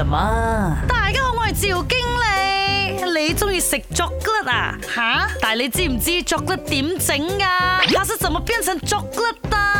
什麼，大家好，我係趙經理。你鍾意食巧克力啊？吓！但係你知唔知巧克力點整啊？它是怎麼變成巧克力的啊？